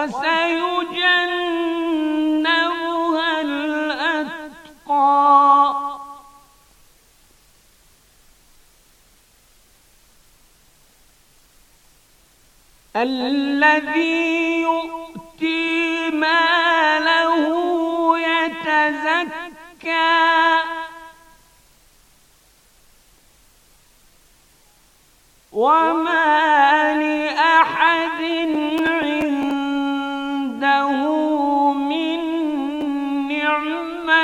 وسيجنبها الأتقى الذي يؤتي ماله يتزكى وما لأحد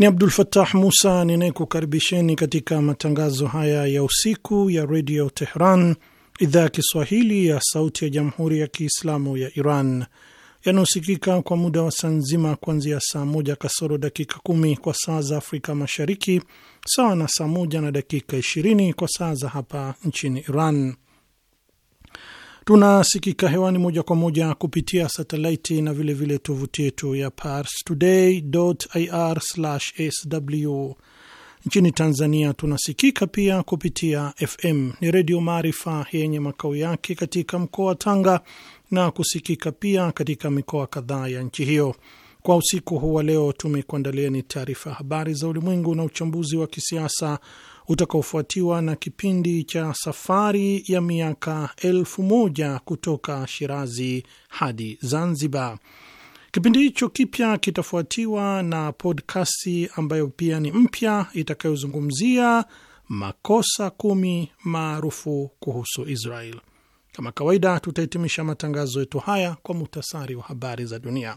Ni Abdul fatah Musa ninayekukaribisheni katika matangazo haya ya usiku ya redio Tehran, idhaa ya Kiswahili ya sauti ya jamhuri ya Kiislamu ya Iran, yanayosikika kwa muda wa saa nzima kuanzia saa moja kasoro dakika kumi kwa saa za Afrika Mashariki, sawa na saa moja na dakika ishirini kwa saa za hapa nchini Iran. Tunasikika hewani moja kwa moja kupitia satelaiti na vilevile tovuti yetu ya parstoday.ir/sw. Nchini Tanzania tunasikika pia kupitia FM ni Redio Maarifa yenye makao yake katika mkoa wa Tanga na kusikika pia katika mikoa kadhaa ya nchi hiyo. Kwa usiku huu wa leo tumekuandalia ni taarifa habari za ulimwengu na uchambuzi wa kisiasa utakaofuatiwa na kipindi cha safari ya miaka elfu moja kutoka Shirazi hadi Zanzibar. Kipindi hicho kipya kitafuatiwa na podkasti ambayo pia ni mpya itakayozungumzia makosa kumi maarufu kuhusu Israel. Kama kawaida, tutahitimisha matangazo yetu haya kwa muhtasari wa habari za dunia.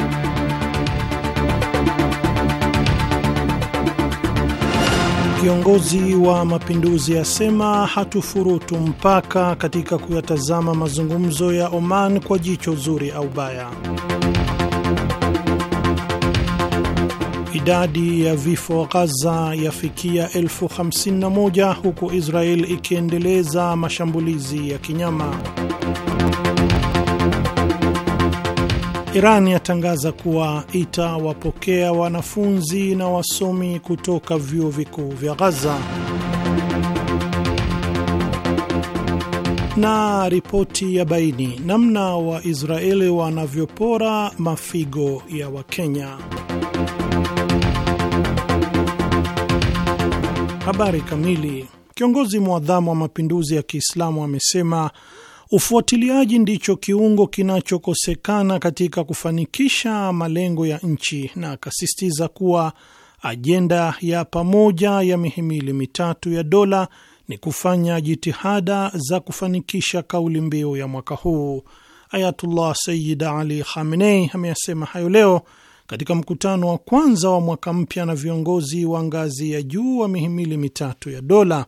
Kiongozi wa mapinduzi asema hatufurutu mpaka katika kuyatazama mazungumzo ya Oman kwa jicho zuri au baya. Idadi ya vifo Ghaza yafikia elfu hamsini na moja huku Israel ikiendeleza mashambulizi ya kinyama. Iran yatangaza kuwa itawapokea wanafunzi na wasomi kutoka vyuo vikuu vya Ghaza. Na ripoti ya baini namna Waisraeli wanavyopora mafigo ya Wakenya. Habari kamili. Kiongozi mwadhamu wa mapinduzi ya Kiislamu amesema Ufuatiliaji ndicho kiungo kinachokosekana katika kufanikisha malengo ya nchi, na akasisitiza kuwa ajenda ya pamoja ya mihimili mitatu ya dola ni kufanya jitihada za kufanikisha kauli mbiu ya mwaka huu. Ayatullah Sayyid Ali Khamenei ameyasema hayo leo katika mkutano wa kwanza wa mwaka mpya na viongozi wa ngazi ya juu wa mihimili mitatu ya dola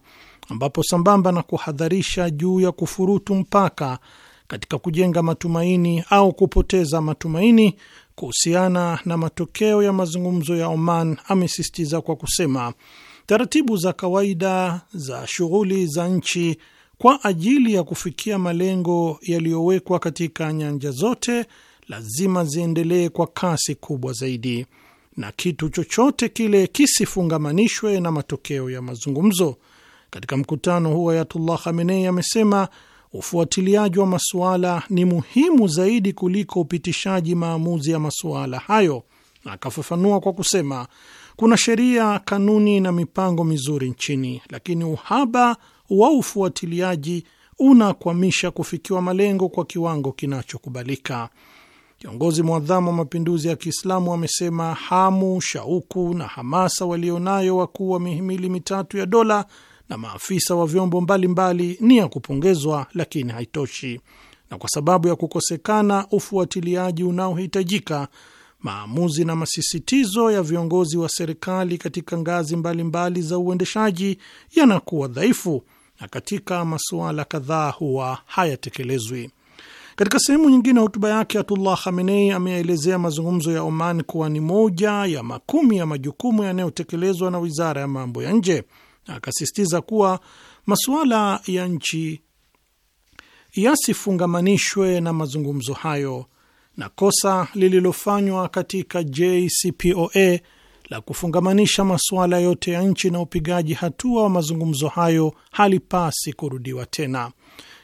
ambapo sambamba na kuhadharisha juu ya kufurutu mpaka katika kujenga matumaini au kupoteza matumaini kuhusiana na matokeo ya mazungumzo ya Oman, amesisitiza kwa kusema taratibu za kawaida za shughuli za nchi kwa ajili ya kufikia malengo yaliyowekwa katika nyanja zote lazima ziendelee kwa kasi kubwa zaidi, na kitu chochote kile kisifungamanishwe na matokeo ya mazungumzo. Katika mkutano huo Ayatullah Khamenei amesema ufuatiliaji wa masuala ni muhimu zaidi kuliko upitishaji maamuzi ya masuala hayo, na akafafanua kwa kusema kuna sheria, kanuni na mipango mizuri nchini, lakini uhaba wa ufuatiliaji unakwamisha kufikiwa malengo kwa kiwango kinachokubalika. Kiongozi mwadhamu wa mapinduzi ya Kiislamu amesema hamu, shauku na hamasa walionayo wakuu wa mihimili mitatu ya dola na maafisa wa vyombo mbalimbali ni ya kupongezwa, lakini haitoshi, na kwa sababu ya kukosekana ufuatiliaji unaohitajika, maamuzi na masisitizo ya viongozi wa serikali katika ngazi mbalimbali mbali za uendeshaji yanakuwa dhaifu na katika masuala kadhaa huwa hayatekelezwi. Katika sehemu nyingine ya hotuba yake, Ayatullah Khamenei ameyaelezea mazungumzo ya Oman kuwa ni moja ya makumi ya majukumu yanayotekelezwa na wizara ya mambo ya nje na akasisitiza kuwa masuala ya nchi yasifungamanishwe na mazungumzo hayo na kosa lililofanywa katika JCPOA la kufungamanisha masuala yote ya nchi na upigaji hatua wa mazungumzo hayo halipasi kurudiwa tena.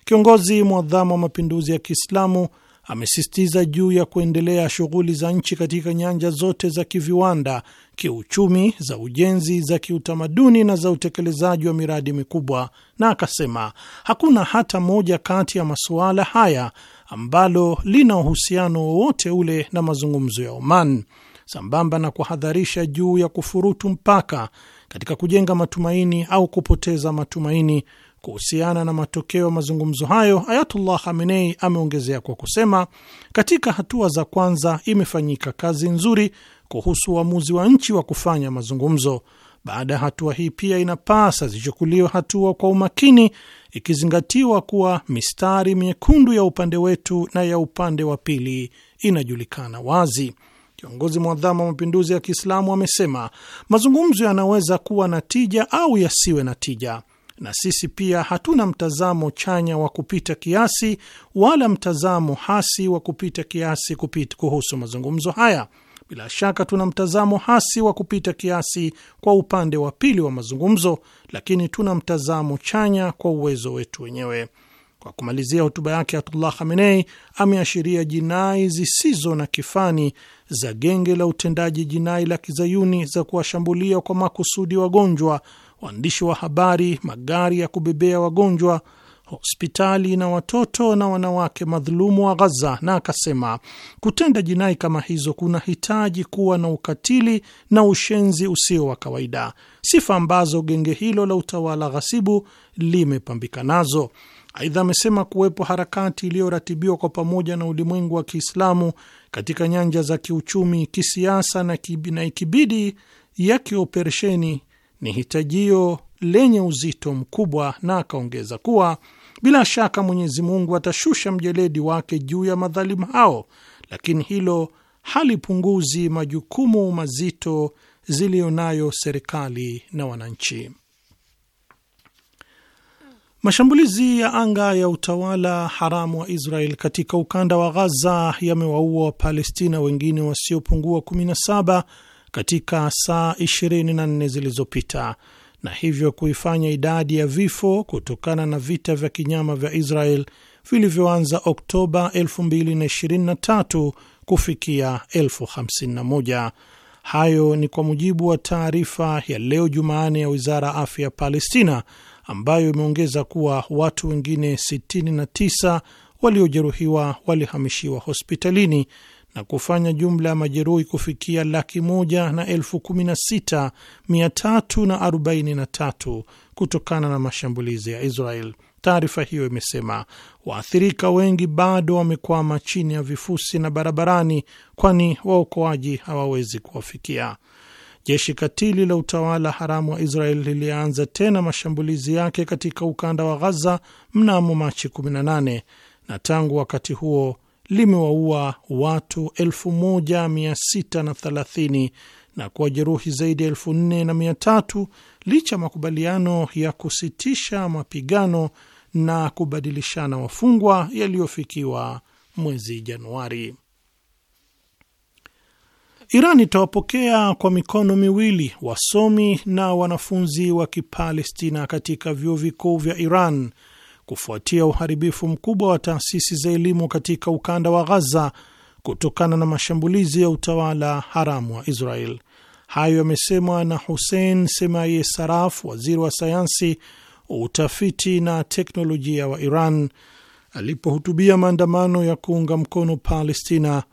Kiongozi mwadhamu wa mapinduzi ya Kiislamu amesisitiza juu ya kuendelea shughuli za nchi katika nyanja zote za kiviwanda, kiuchumi, za ujenzi, za kiutamaduni na za utekelezaji wa miradi mikubwa, na akasema hakuna hata moja kati ya masuala haya ambalo lina uhusiano wowote ule na mazungumzo ya Oman, sambamba na kuhadharisha juu ya kufurutu mpaka katika kujenga matumaini au kupoteza matumaini Kuhusiana na matokeo ya mazungumzo hayo, Ayatullah Hamenei ameongezea kwa kusema, katika hatua za kwanza imefanyika kazi nzuri kuhusu uamuzi wa nchi wa kufanya mazungumzo. Baada ya hatua hii pia inapasa zichukuliwe hatua kwa umakini, ikizingatiwa kuwa mistari miekundu ya upande wetu na ya upande wa pili inajulikana wazi. Kiongozi mwadhamu wa mapinduzi ya Kiislamu amesema mazungumzo yanaweza kuwa na tija au yasiwe na tija, na sisi pia hatuna mtazamo chanya wa kupita kiasi wala mtazamo hasi wa kupita kiasi kupita kuhusu mazungumzo haya. Bila shaka tuna mtazamo hasi wa kupita kiasi kwa upande wa pili wa mazungumzo, lakini tuna mtazamo chanya kwa uwezo wetu wenyewe. Kwa kumalizia hotuba yake, Ayatullah Khamenei ameashiria jinai zisizo na kifani za genge la utendaji jinai la kizayuni za kuwashambulia kwa makusudi wagonjwa waandishi wa habari, magari ya kubebea wagonjwa, hospitali na watoto na wanawake madhulumu wa Ghaza, na akasema kutenda jinai kama hizo kuna hitaji kuwa na ukatili na ushenzi usio wa kawaida, sifa ambazo genge hilo la utawala ghasibu limepambika nazo. Aidha, amesema kuwepo harakati iliyoratibiwa kwa pamoja na ulimwengu wa Kiislamu katika nyanja za kiuchumi, kisiasa na ikibidi ya kioperesheni ni hitajio lenye uzito mkubwa, na akaongeza kuwa bila shaka Mwenyezi Mungu atashusha mjeledi wake juu ya madhalimu hao, lakini hilo halipunguzi majukumu mazito ziliyonayo serikali na wananchi. Mashambulizi ya anga ya utawala haramu wa Israel katika ukanda wa Ghaza yamewaua Wapalestina wengine wasiopungua 17 katika saa 24 zilizopita na hivyo kuifanya idadi ya vifo kutokana na vita vya kinyama vya Israel vilivyoanza Oktoba 2023 kufikia 51. Hayo ni kwa mujibu wa taarifa ya leo Jumanne ya wizara ya afya ya Palestina, ambayo imeongeza kuwa watu wengine 69 waliojeruhiwa walihamishiwa hospitalini na kufanya jumla ya majeruhi kufikia laki moja na elfu kumi na sita mia tatu na arobaini na tatu kutokana na mashambulizi ya Israel. Taarifa hiyo imesema waathirika wengi bado wamekwama chini ya vifusi na barabarani, kwani waokoaji hawawezi kuwafikia. Jeshi katili la utawala haramu wa Israel lilianza tena mashambulizi yake katika ukanda wa Ghaza mnamo Machi 18 na tangu wakati huo limewaua watu 1630 na kuwajeruhi zaidi ya 4300 licha ya makubaliano ya kusitisha mapigano na kubadilishana wafungwa yaliyofikiwa mwezi Januari. Iran itawapokea kwa mikono miwili wasomi na wanafunzi wa Kipalestina katika vyuo vikuu vya Iran kufuatia uharibifu mkubwa wa taasisi za elimu katika ukanda wa Ghaza kutokana na mashambulizi ya utawala haramu wa Israel. Hayo yamesemwa na Hussein Semaye Saraf, waziri wa sayansi, utafiti na teknolojia wa Iran alipohutubia maandamano ya kuunga mkono Palestina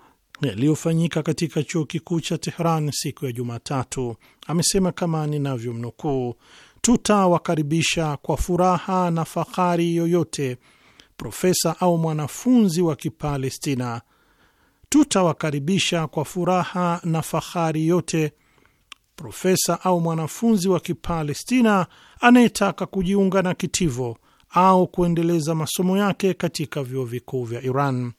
yaliyofanyika katika chuo kikuu cha Tehran siku ya Jumatatu. Amesema kama ninavyomnukuu, tutawakaribisha kwa furaha na fahari yoyote profesa au mwanafunzi wa Kipalestina. Tutawakaribisha kwa furaha na fahari yote profesa au mwanafunzi wa Kipalestina anayetaka kujiunga na kitivo au kuendeleza masomo yake katika vyuo vikuu vya Iran.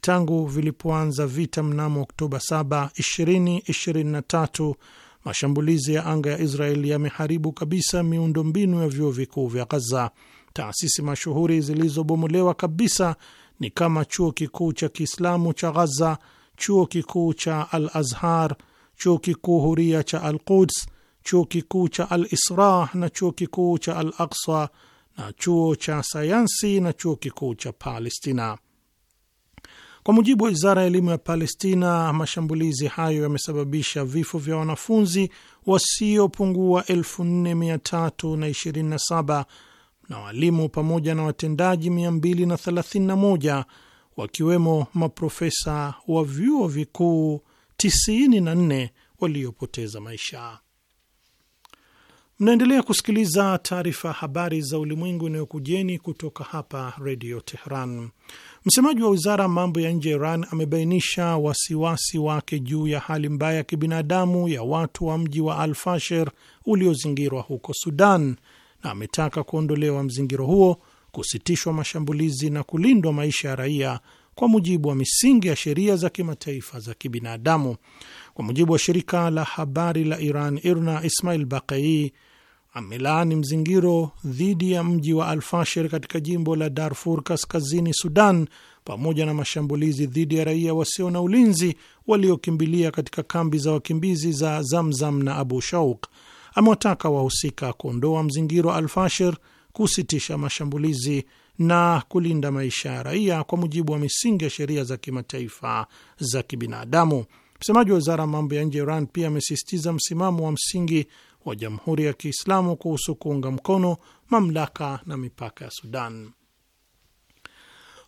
Tangu vilipoanza vita mnamo Oktoba 7, 2023 Mashambulizi ya anga ya Israel yameharibu kabisa miundo mbinu ya vyuo vikuu vya Ghaza. Taasisi mashuhuri zilizobomolewa kabisa ni kama chuo kikuu cha Kiislamu cha Ghaza, chuo kikuu cha Al Azhar, chuo kikuu huria cha Al Quds, chuo kikuu cha Al Isra na chuo kikuu cha Al Aqsa na chuo cha sayansi na chuo kikuu cha Palestina. Kwa mujibu wa wizara ya elimu ya Palestina, mashambulizi hayo yamesababisha vifo vya wanafunzi wasiopungua 4327 na walimu pamoja na watendaji 231 wakiwemo maprofesa wa vyuo vikuu 94 waliopoteza maisha. Mnaendelea kusikiliza taarifa habari za ulimwengu inayokujeni kutoka hapa Redio Tehran. Msemaji wa wizara ya mambo ya nje ya Iran amebainisha wasiwasi wake juu ya hali mbaya ya kibinadamu ya watu wa mji wa Al Fasher uliozingirwa huko Sudan, na ametaka kuondolewa mzingiro huo, kusitishwa mashambulizi na kulindwa maisha ya raia kwa mujibu wa misingi ya sheria za kimataifa za kibinadamu. Kwa mujibu wa shirika la habari la Iran IRNA, Ismail Bakai amelaani mzingiro dhidi ya mji wa Alfashir katika jimbo la Darfur kaskazini Sudan, pamoja na mashambulizi dhidi ya raia wasio na ulinzi waliokimbilia katika kambi za wakimbizi za Zamzam na Abu Shauk. Amewataka wahusika kuondoa mzingiro wa Alfashir, kusitisha mashambulizi na kulinda maisha ya raia kwa mujibu wa misingi ya sheria za kimataifa za kibinadamu. Msemaji wa wizara ya mambo ya nje Iran pia amesisitiza msimamo wa msingi wa Jamhuri ya Kiislamu kuhusu kuunga mkono mamlaka na mipaka ya Sudan.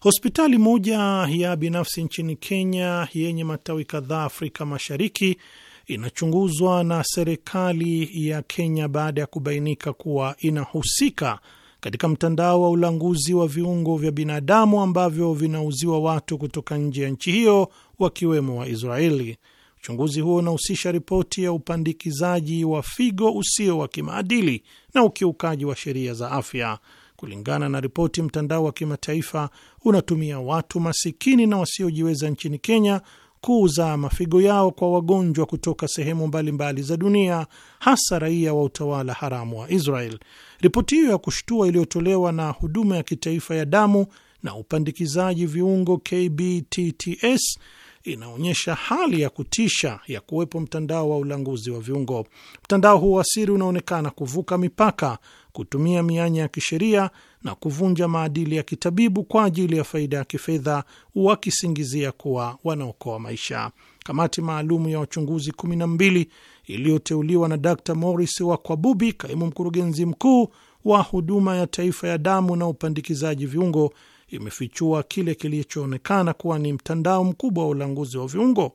Hospitali moja ya binafsi nchini Kenya yenye matawi kadhaa Afrika Mashariki inachunguzwa na serikali ya Kenya baada ya kubainika kuwa inahusika katika mtandao wa ulanguzi wa viungo vya binadamu ambavyo vinauziwa watu kutoka nje ya nchi hiyo wakiwemo Waisraeli. Uchunguzi huo unahusisha ripoti ya upandikizaji wa figo usio wa kimaadili na ukiukaji wa sheria za afya. Kulingana na ripoti, mtandao wa kimataifa unatumia watu masikini na wasiojiweza nchini Kenya kuuza mafigo yao kwa wagonjwa kutoka sehemu mbalimbali mbali za dunia, hasa raia wa utawala haramu wa Israel. Ripoti hiyo ya kushtua iliyotolewa na huduma ya kitaifa ya damu na upandikizaji viungo KBTTS inaonyesha hali ya kutisha ya kuwepo mtandao wa ulanguzi wa viungo. Mtandao huu wa siri unaonekana kuvuka mipaka, kutumia mianya ya kisheria na kuvunja maadili ya kitabibu kwa ajili ya faida ya kifedha, wakisingizia kuwa wanaokoa maisha. Kamati maalum ya wachunguzi mbili iliyoteuliwa na Dr Morris wa Kwabubi, kaimu mkurugenzi mkuu wa huduma ya taifa ya damu na upandikizaji viungo imefichua kile kilichoonekana kuwa ni mtandao mkubwa wa ulanguzi wa viungo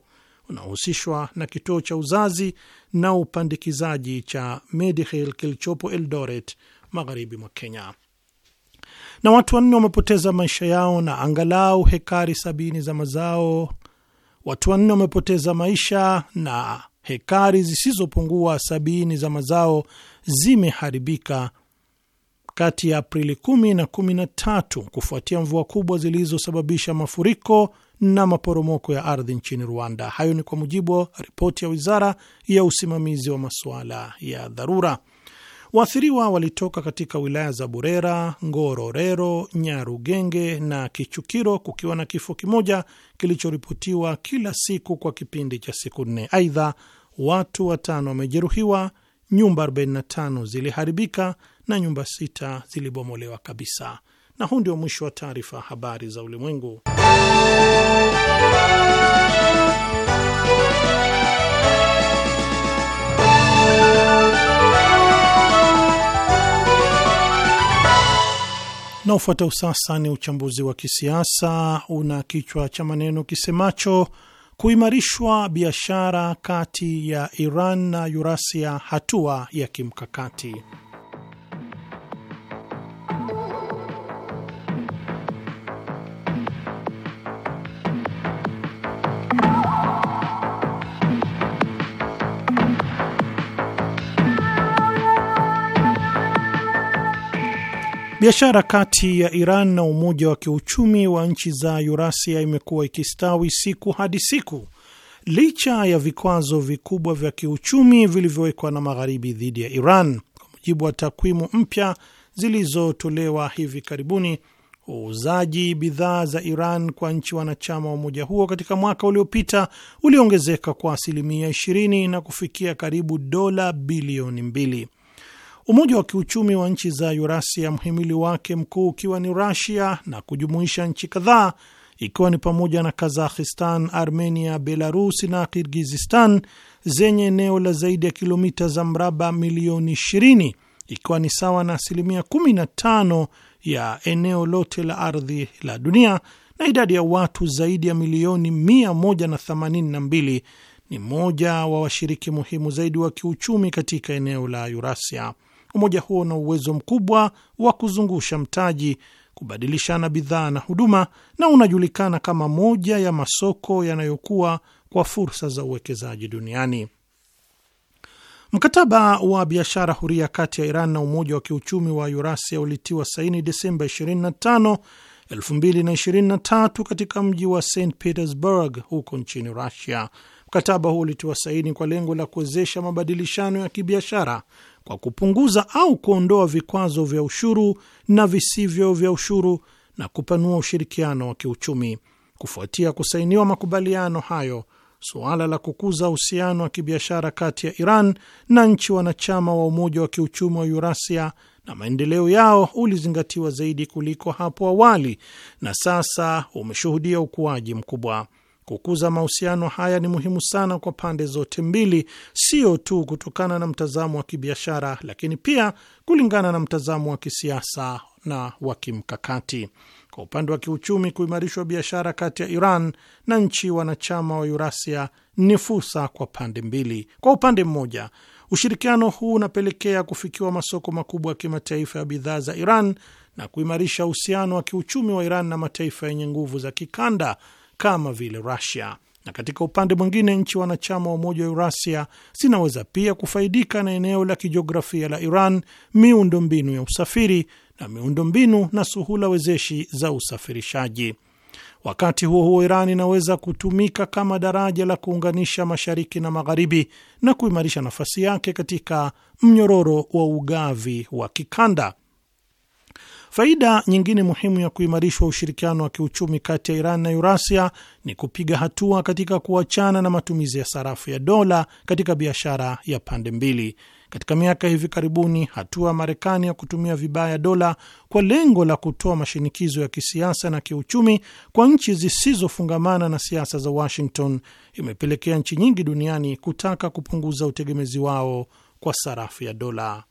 unaohusishwa na kituo cha uzazi na upandikizaji cha medihil kilichopo Eldoret, magharibi mwa Kenya. Na watu wanne wamepoteza maisha yao na angalau hekari sabini za mazao. Watu wanne wamepoteza maisha na hekari zisizopungua sabini za mazao zimeharibika kati ya Aprili 10 na 13 kufuatia mvua kubwa zilizosababisha mafuriko na maporomoko ya ardhi nchini Rwanda. Hayo ni kwa mujibu wa ripoti ya wizara ya usimamizi wa masuala ya dharura. Waathiriwa walitoka katika wilaya za Burera, Ngororero, Nyarugenge na Kichukiro, kukiwa na kifo kimoja kilichoripotiwa kila siku kwa kipindi cha siku nne. Aidha, watu watano wamejeruhiwa, nyumba 45 ziliharibika na nyumba sita zilibomolewa kabisa. Na huu ndio mwisho wa taarifa habari za ulimwengu. Na ufuatao sasa ni uchambuzi wa kisiasa una kichwa cha maneno kisemacho kuimarishwa biashara kati ya Iran na Urasia, hatua ya kimkakati. Biashara kati ya Iran na Umoja wa Kiuchumi wa Nchi za Urasia imekuwa ikistawi siku hadi siku licha ya vikwazo vikubwa vya kiuchumi vilivyowekwa na Magharibi dhidi ya Iran. Kwa mujibu wa takwimu mpya zilizotolewa hivi karibuni, uuzaji bidhaa za Iran kwa nchi wanachama wa umoja huo katika mwaka uliopita uliongezeka kwa asilimia 20 na kufikia karibu dola bilioni mbili. Umoja wa Kiuchumi wa Nchi za Urasia, mhimili wake mkuu ukiwa ni Rusia na kujumuisha nchi kadhaa ikiwa ni pamoja na Kazakhistan, Armenia, Belarus na Kirgizistan zenye eneo la zaidi ya kilomita za mraba milioni 20 ikiwa ni sawa na asilimia 15 ya eneo lote la ardhi la dunia na idadi ya watu zaidi ya milioni 182 ni mmoja wa washiriki muhimu zaidi wa kiuchumi katika eneo la Urasia. Umoja huo una uwezo mkubwa wa kuzungusha mtaji, kubadilishana bidhaa na huduma, na unajulikana kama moja ya masoko yanayokuwa kwa fursa za uwekezaji duniani. Mkataba wa biashara huria kati ya Iran na Umoja wa Kiuchumi wa urasia ulitiwa saini Desemba 25, 2023 katika mji wa St Petersburg huko nchini Russia. Mkataba huo ulitiwa saini kwa lengo la kuwezesha mabadilishano ya kibiashara kwa kupunguza au kuondoa vikwazo vya ushuru na visivyo vya ushuru na kupanua ushirikiano wa kiuchumi. Kufuatia kusainiwa makubaliano hayo, suala la kukuza uhusiano wa kibiashara kati ya Iran na nchi wanachama wa Umoja wa Kiuchumi wa Urasia na maendeleo yao ulizingatiwa zaidi kuliko hapo awali na sasa umeshuhudia ukuaji mkubwa. Kukuza mahusiano haya ni muhimu sana kwa pande zote mbili, sio tu kutokana na mtazamo wa kibiashara, lakini pia kulingana na mtazamo wa kisiasa na wa kimkakati. Kwa upande wa kiuchumi, kuimarishwa biashara kati ya Iran na nchi wanachama wa urasia ni fursa kwa pande mbili. Kwa upande mmoja, ushirikiano huu unapelekea kufikiwa masoko makubwa ya kimataifa ya bidhaa za Iran na kuimarisha uhusiano wa kiuchumi wa Iran na mataifa yenye nguvu za kikanda kama vile Rusia. Na katika upande mwingine, nchi wanachama wa Umoja wa Urasia zinaweza pia kufaidika na eneo la kijiografia la Iran, miundombinu ya usafiri na miundo mbinu na suhula wezeshi za usafirishaji. Wakati huo huo, Iran inaweza kutumika kama daraja la kuunganisha mashariki na magharibi na kuimarisha nafasi yake katika mnyororo wa ugavi wa kikanda. Faida nyingine muhimu ya kuimarishwa ushirikiano wa kiuchumi kati ya Iran na urasia ni kupiga hatua katika kuachana na matumizi ya sarafu ya dola katika biashara ya pande mbili. Katika miaka hivi karibuni, hatua ya Marekani ya kutumia vibaya dola kwa lengo la kutoa mashinikizo ya kisiasa na kiuchumi kwa nchi zisizofungamana na siasa za Washington imepelekea nchi nyingi duniani kutaka kupunguza utegemezi wao kwa sarafu ya dola.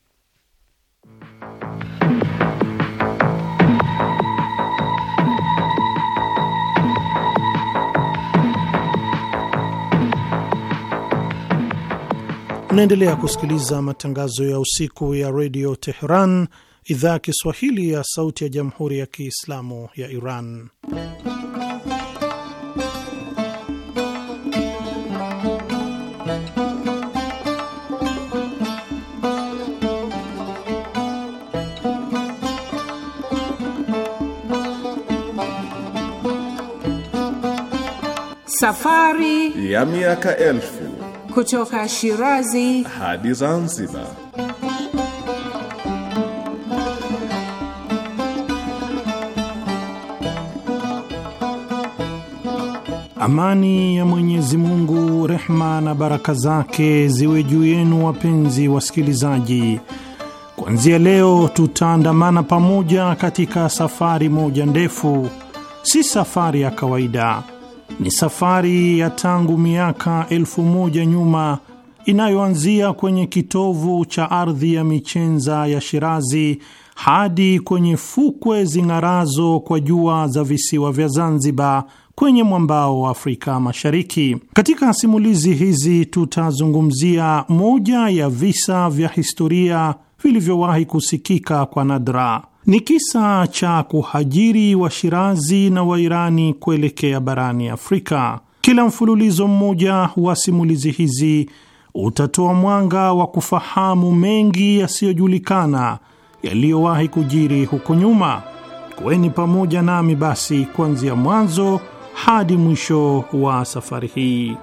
Unaendelea kusikiliza matangazo ya usiku ya redio Teheran, idhaa ya Kiswahili ya sauti ya jamhuri ya Kiislamu ya Iran. Safari ya miaka elfu kutoka Shirazi hadi Zanzibar. Amani ya Mwenyezi Mungu, rehma na baraka zake ziwe juu yenu, wapenzi wasikilizaji. Kuanzia leo tutaandamana pamoja katika safari moja ndefu, si safari ya kawaida ni safari ya tangu miaka elfu moja nyuma inayoanzia kwenye kitovu cha ardhi ya michenza ya Shirazi hadi kwenye fukwe zing'arazo kwa jua za visiwa vya Zanzibar kwenye mwambao wa Afrika Mashariki. Katika simulizi hizi tutazungumzia moja ya visa vya historia vilivyowahi kusikika kwa nadra ni kisa cha kuhajiri Washirazi na Wairani kuelekea barani Afrika. Kila mfululizo mmoja wa simulizi hizi utatoa mwanga wa kufahamu mengi yasiyojulikana yaliyowahi kujiri huko nyuma. Kuweni pamoja nami basi kuanzia mwanzo hadi mwisho wa safari hii.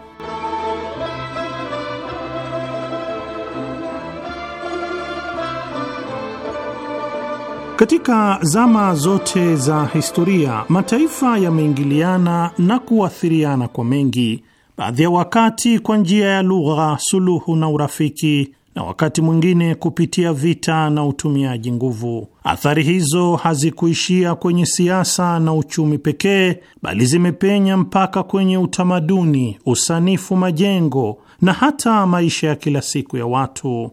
Katika zama zote za historia, mataifa yameingiliana na kuathiriana kwa mengi, baadhi ya wakati kwa njia ya lugha, suluhu na urafiki, na wakati mwingine kupitia vita na utumiaji nguvu. Athari hizo hazikuishia kwenye siasa na uchumi pekee, bali zimepenya mpaka kwenye utamaduni, usanifu, majengo na hata maisha ya kila siku ya watu.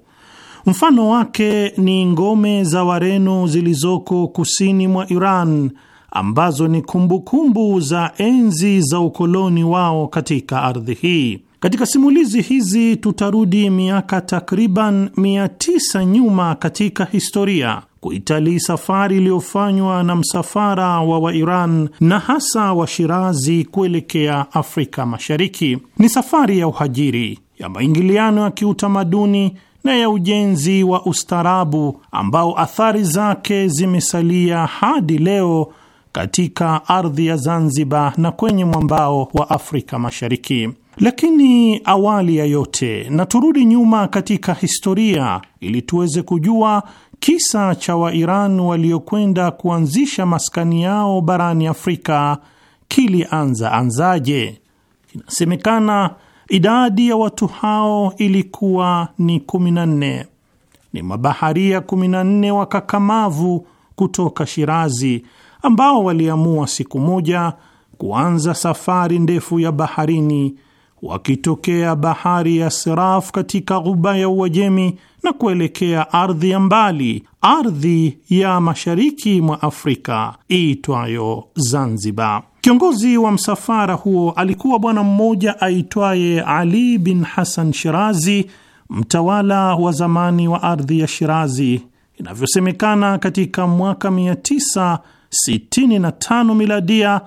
Mfano wake ni ngome za Wareno zilizoko kusini mwa Iran ambazo ni kumbukumbu kumbu za enzi za ukoloni wao katika ardhi hii. Katika simulizi hizi tutarudi miaka takriban mia tisa nyuma katika historia kuitalii safari iliyofanywa na msafara wa Wairan na hasa wa Shirazi kuelekea Afrika Mashariki. Ni safari ya uhajiri, ya maingiliano ya kiutamaduni na ya ujenzi wa ustaarabu ambao athari zake zimesalia hadi leo katika ardhi ya Zanzibar na kwenye mwambao wa Afrika Mashariki. Lakini awali ya yote, na turudi nyuma katika historia ili tuweze kujua kisa cha Wairan waliokwenda kuanzisha maskani yao barani Afrika kilianza anzaje. Inasemekana Idadi ya watu hao ilikuwa ni 14. Ni mabaharia 14 wakakamavu kutoka Shirazi ambao waliamua siku moja kuanza safari ndefu ya baharini wakitokea bahari ya Siraf katika ghuba ya Uajemi na kuelekea ardhi ya mbali, ardhi ya mashariki mwa Afrika iitwayo Zanzibar. Kiongozi wa msafara huo alikuwa bwana mmoja aitwaye Ali bin Hasan Shirazi, mtawala wa zamani wa ardhi ya Shirazi. Inavyosemekana, katika mwaka 965 miladia,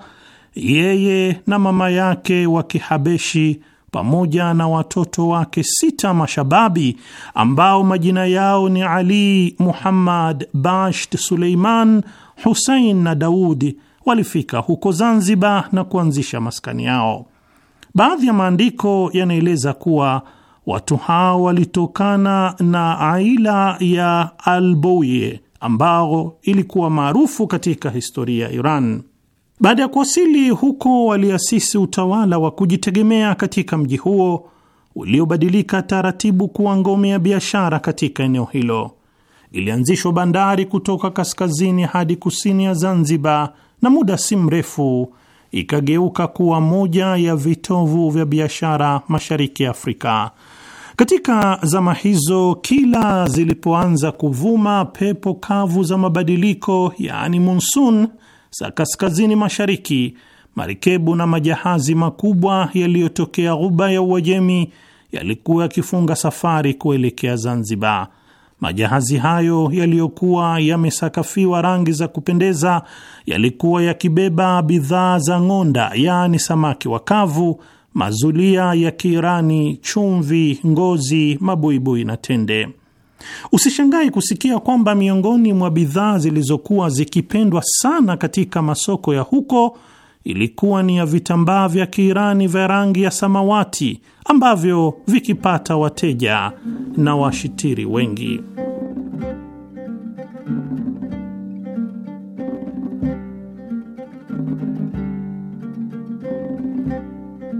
yeye na mama yake wa Kihabeshi pamoja na watoto wake sita mashababi ambao majina yao ni Ali, Muhammad, Basht, Suleiman, Husein na Daudi walifika huko Zanzibar na kuanzisha maskani yao. Baadhi ya maandiko yanaeleza kuwa watu hao walitokana na aila ya Alboye ambao ilikuwa maarufu katika historia ya Iran. Baada ya kuwasili huko, waliasisi utawala wa kujitegemea katika mji huo uliobadilika taratibu kuwa ngome ya biashara katika eneo hilo. Ilianzishwa bandari kutoka kaskazini hadi kusini ya Zanzibar na muda si mrefu ikageuka kuwa moja ya vitovu vya biashara mashariki Afrika. Katika zama hizo, kila zilipoanza kuvuma pepo kavu za mabadiliko, yaani monsun, za kaskazini mashariki, marikebu na majahazi makubwa yaliyotokea Ghuba ya Uajemi yalikuwa yakifunga safari kuelekea Zanzibar. Majahazi hayo yaliyokuwa yamesakafiwa rangi za kupendeza yalikuwa yakibeba bidhaa za ng'onda, yaani samaki wakavu, mazulia ya Kiirani, chumvi, ngozi, mabuibui na tende. usishangai kusikia kwamba miongoni mwa bidhaa zilizokuwa zikipendwa sana katika masoko ya huko ilikuwa ni ya vitambaa vya Kiirani vya rangi ya samawati ambavyo vikipata wateja na washitiri wengi.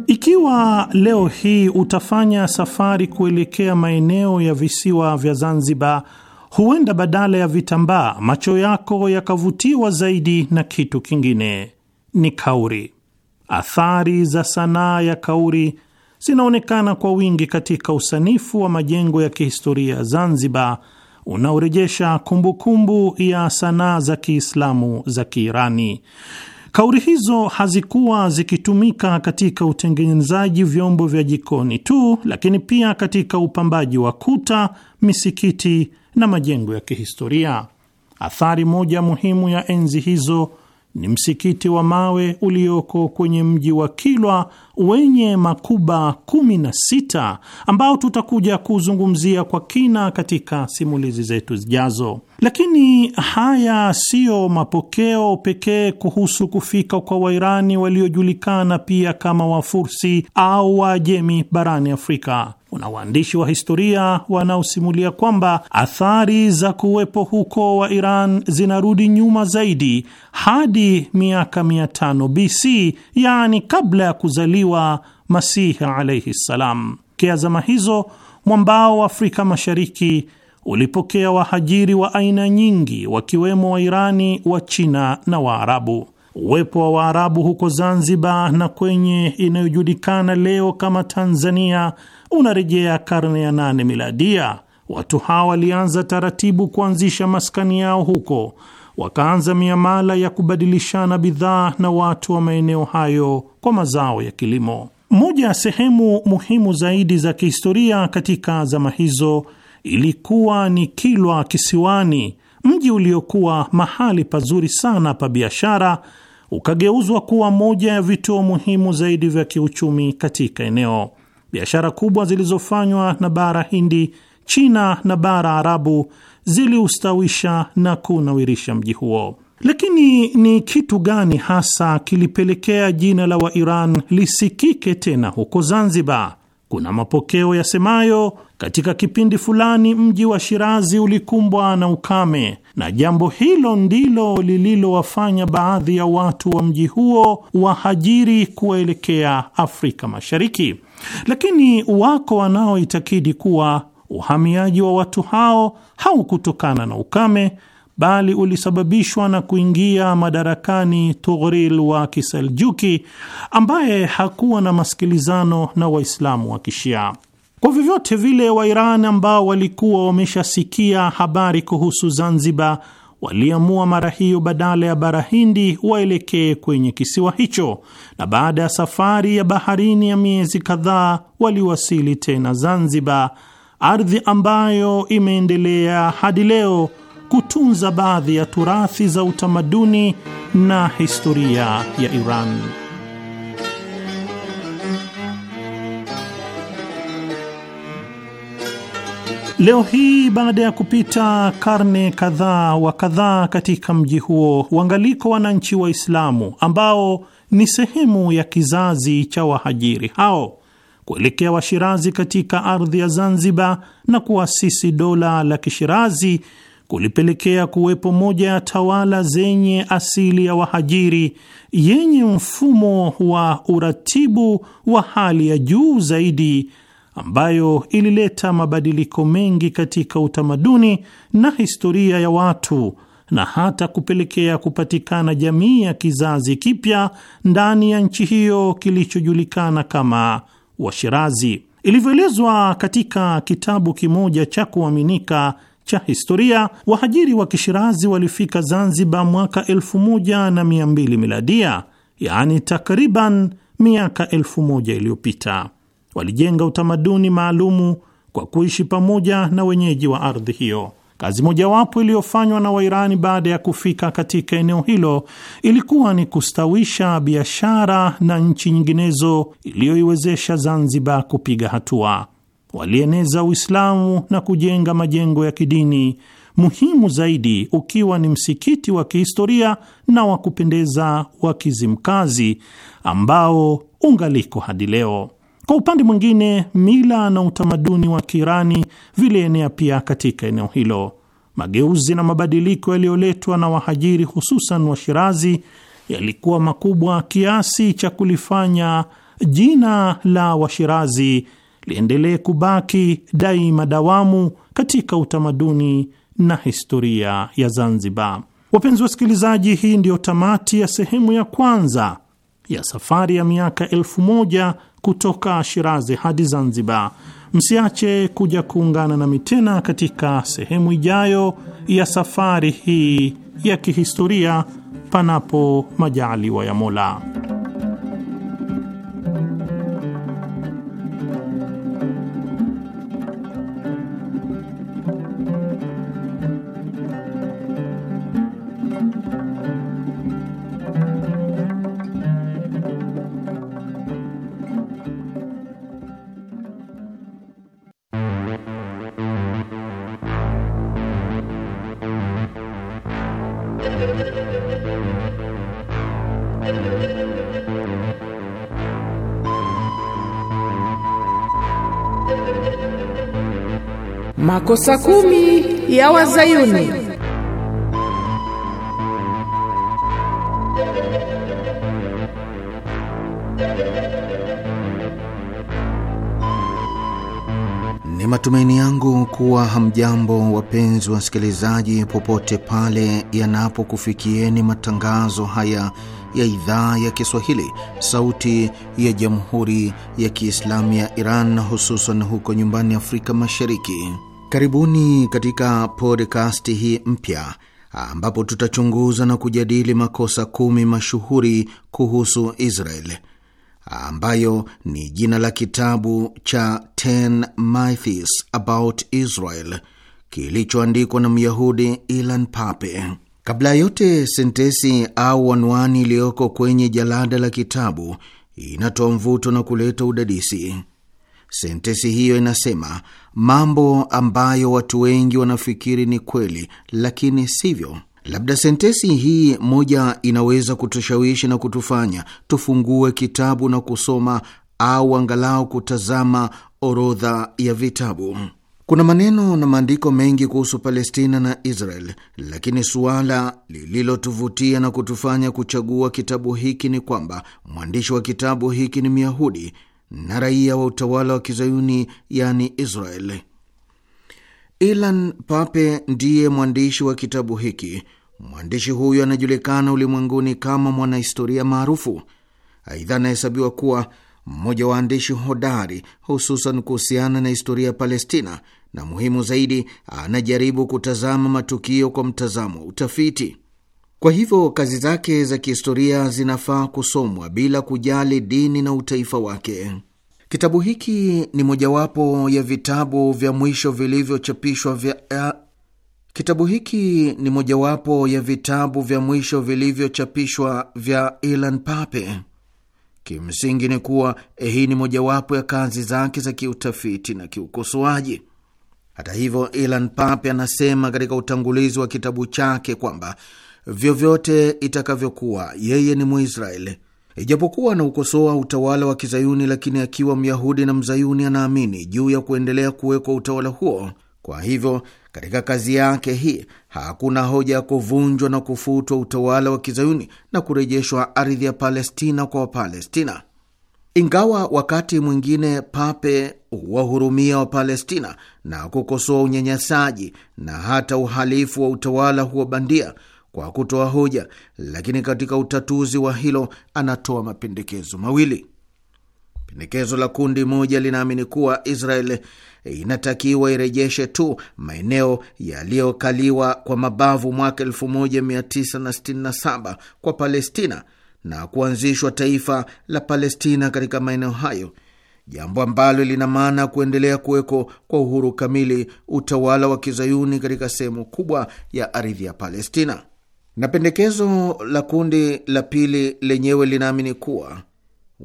Ikiwa leo hii utafanya safari kuelekea maeneo ya visiwa vya Zanzibar, huenda badala ya vitambaa macho yako yakavutiwa zaidi na kitu kingine ni kauri. Athari za sanaa ya kauri zinaonekana kwa wingi katika usanifu wa majengo ya kihistoria ya Zanzibar unaorejesha kumbukumbu ya sanaa za Kiislamu za Kiirani. Kauri hizo hazikuwa zikitumika katika utengenezaji vyombo vya jikoni tu, lakini pia katika upambaji wa kuta, misikiti na majengo ya kihistoria. Athari moja muhimu ya enzi hizo ni msikiti wa mawe ulioko kwenye mji wa Kilwa wenye makuba 16 ambao tutakuja kuzungumzia kwa kina katika simulizi zetu zijazo. Lakini haya siyo mapokeo pekee kuhusu kufika kwa Wairani waliojulikana pia kama Wafursi au wajemi barani Afrika. Kuna waandishi wa historia wanaosimulia kwamba athari za kuwepo huko wa Iran zinarudi nyuma zaidi hadi miaka 500 BC, yaani kabla ya kuzaliwa Masihi alaihi ssalam. Kea zama hizo mwambao wa Afrika Mashariki ulipokea wahajiri wa aina nyingi, wakiwemo Wairani, wa China na Waarabu. Uwepo wa Waarabu huko Zanzibar na kwenye inayojulikana leo kama Tanzania unarejea karne ya nane miladia. Watu hawa walianza taratibu kuanzisha maskani yao huko, wakaanza miamala ya kubadilishana bidhaa na watu wa maeneo hayo kwa mazao ya kilimo. Moja ya sehemu muhimu zaidi za kihistoria katika zama hizo ilikuwa ni Kilwa Kisiwani, mji uliokuwa mahali pazuri sana pa biashara ukageuzwa kuwa moja ya vituo muhimu zaidi vya kiuchumi katika eneo. Biashara kubwa zilizofanywa na bara Hindi, China na bara Arabu ziliustawisha na kunawirisha mji huo. Lakini ni kitu gani hasa kilipelekea jina la Wairan lisikike tena huko Zanzibar? kuna mapokeo yasemayo katika kipindi fulani mji wa Shirazi ulikumbwa na ukame, na jambo hilo ndilo lililowafanya baadhi ya watu wa mji huo wahajiri kuwaelekea Afrika Mashariki. Lakini wako wanaoitakidi kuwa uhamiaji wa watu hao haukutokana na ukame bali ulisababishwa na kuingia madarakani Tughril wa Kiseljuki ambaye hakuwa na masikilizano na Waislamu wa Kishia. Kwa vyovyote vile, wairan ambao walikuwa wameshasikia habari kuhusu Zanzibar waliamua mara hiyo badala ya bara Hindi waelekee kwenye kisiwa hicho, na baada ya safari ya baharini ya miezi kadhaa waliwasili tena Zanzibar, ardhi ambayo imeendelea hadi leo kutunza baadhi ya turathi za utamaduni na historia ya Iran. Leo hii baada ya kupita karne kadhaa wa kadhaa katika mji huo, uangaliko wananchi Waislamu ambao ni sehemu ya kizazi cha wahajiri hao kuelekea Washirazi katika ardhi ya Zanzibar na kuasisi dola la Kishirazi kulipelekea kuwepo moja ya tawala zenye asili ya wahajiri yenye mfumo wa uratibu wa hali ya juu zaidi ambayo ilileta mabadiliko mengi katika utamaduni na historia ya watu na hata kupelekea kupatikana jamii ya kizazi kipya ndani ya nchi hiyo kilichojulikana kama Washirazi. Ilivyoelezwa katika kitabu kimoja cha kuaminika cha historia, wahajiri wa Kishirazi walifika Zanzibar mwaka 1200 miladia, yaani takriban miaka 1000 iliyopita. Walijenga utamaduni maalumu kwa kuishi pamoja na wenyeji wa ardhi hiyo. Kazi mojawapo iliyofanywa na Wairani baada ya kufika katika eneo hilo ilikuwa ni kustawisha biashara na nchi nyinginezo iliyoiwezesha Zanzibar kupiga hatua walieneza Uislamu na kujenga majengo ya kidini, muhimu zaidi ukiwa ni msikiti wa kihistoria na wa kupendeza wa Kizimkazi ambao ungaliko hadi leo. Kwa upande mwingine, mila na utamaduni wa Kiirani vilienea pia katika eneo hilo. Mageuzi na mabadiliko yaliyoletwa na wahajiri, hususan wa Shirazi, yalikuwa makubwa kiasi cha kulifanya jina la Washirazi liendelee kubaki daima dawamu katika utamaduni na historia ya Zanzibar. Wapenzi wasikilizaji, hii ndiyo tamati ya sehemu ya kwanza ya safari ya miaka elfu moja kutoka Shirazi hadi Zanzibar. Msiache kuja kuungana nami tena katika sehemu ijayo ya safari hii ya kihistoria, panapo majaliwa ya Mola. Makosa kumi ya Wazayuni. Ni matumaini yangu kuwa hamjambo wapenzi wasikilizaji, popote pale yanapokufikieni matangazo haya ya idhaa ya Kiswahili, sauti ya jamhuri ya kiislamu ya Iran, hususan huko nyumbani Afrika Mashariki. Karibuni katika podcast hii mpya ambapo tutachunguza na kujadili makosa kumi mashuhuri kuhusu Israel ambayo ni jina la kitabu cha 10 Myths about Israel kilichoandikwa na Myahudi Ilan Pape. Kabla ya yote, sentesi au anwani iliyoko kwenye jalada la kitabu inatoa mvuto na kuleta udadisi. sentesi hiyo inasema mambo ambayo watu wengi wanafikiri ni kweli, lakini sivyo. Labda sentesi hii moja inaweza kutushawishi na kutufanya tufungue kitabu na kusoma au angalau kutazama orodha ya vitabu. Kuna maneno na maandiko mengi kuhusu Palestina na Israel, lakini suala lililotuvutia na kutufanya kuchagua kitabu hiki ni kwamba mwandishi wa kitabu hiki ni Myahudi na raia wa utawala wa kizayuni yani Israel. Ilan Pape ndiye mwandishi wa kitabu hiki. Mwandishi huyu anajulikana ulimwenguni kama mwanahistoria maarufu. Aidha, anahesabiwa kuwa mmoja wa waandishi hodari, hususan kuhusiana na historia ya Palestina, na muhimu zaidi, anajaribu kutazama matukio kwa mtazamo wa utafiti. Kwa hivyo kazi zake za kihistoria zinafaa kusomwa bila kujali dini na utaifa wake. Kitabu hiki ni mojawapo ya vitabu vya mwisho vilivyochapishwa vya eh, Kitabu hiki ni mojawapo ya vitabu vya mwisho vilivyochapishwa vya Ilan Pape. Kimsingi ni kuwa eh, hii ni mojawapo ya kazi zake za kiutafiti na kiukosoaji. Hata hivyo, Ilan Pappe anasema katika utangulizi wa kitabu chake kwamba vyovyote itakavyokuwa, yeye ni Mwisraeli. Ijapokuwa anaukosoa utawala wa Kizayuni, lakini akiwa Myahudi na Mzayuni anaamini juu ya kuendelea kuwekwa utawala huo. Kwa hivyo katika kazi yake hii hakuna hoja ya kuvunjwa na kufutwa utawala wa kizayuni na kurejeshwa ardhi ya Palestina kwa Wapalestina, ingawa wakati mwingine Pape huwahurumia Wapalestina na kukosoa unyanyasaji na hata uhalifu wa utawala huo bandia kwa kutoa hoja, lakini katika utatuzi wa hilo anatoa mapendekezo mawili. Pendekezo la kundi moja linaamini kuwa Israel inatakiwa irejeshe tu maeneo yaliyokaliwa kwa mabavu mwaka 1967 kwa Palestina na kuanzishwa taifa la Palestina katika maeneo hayo, jambo ambalo lina maana kuendelea kuweko kwa uhuru kamili utawala wa kizayuni katika sehemu kubwa ya ardhi ya Palestina. Na pendekezo la kundi la pili lenyewe linaamini kuwa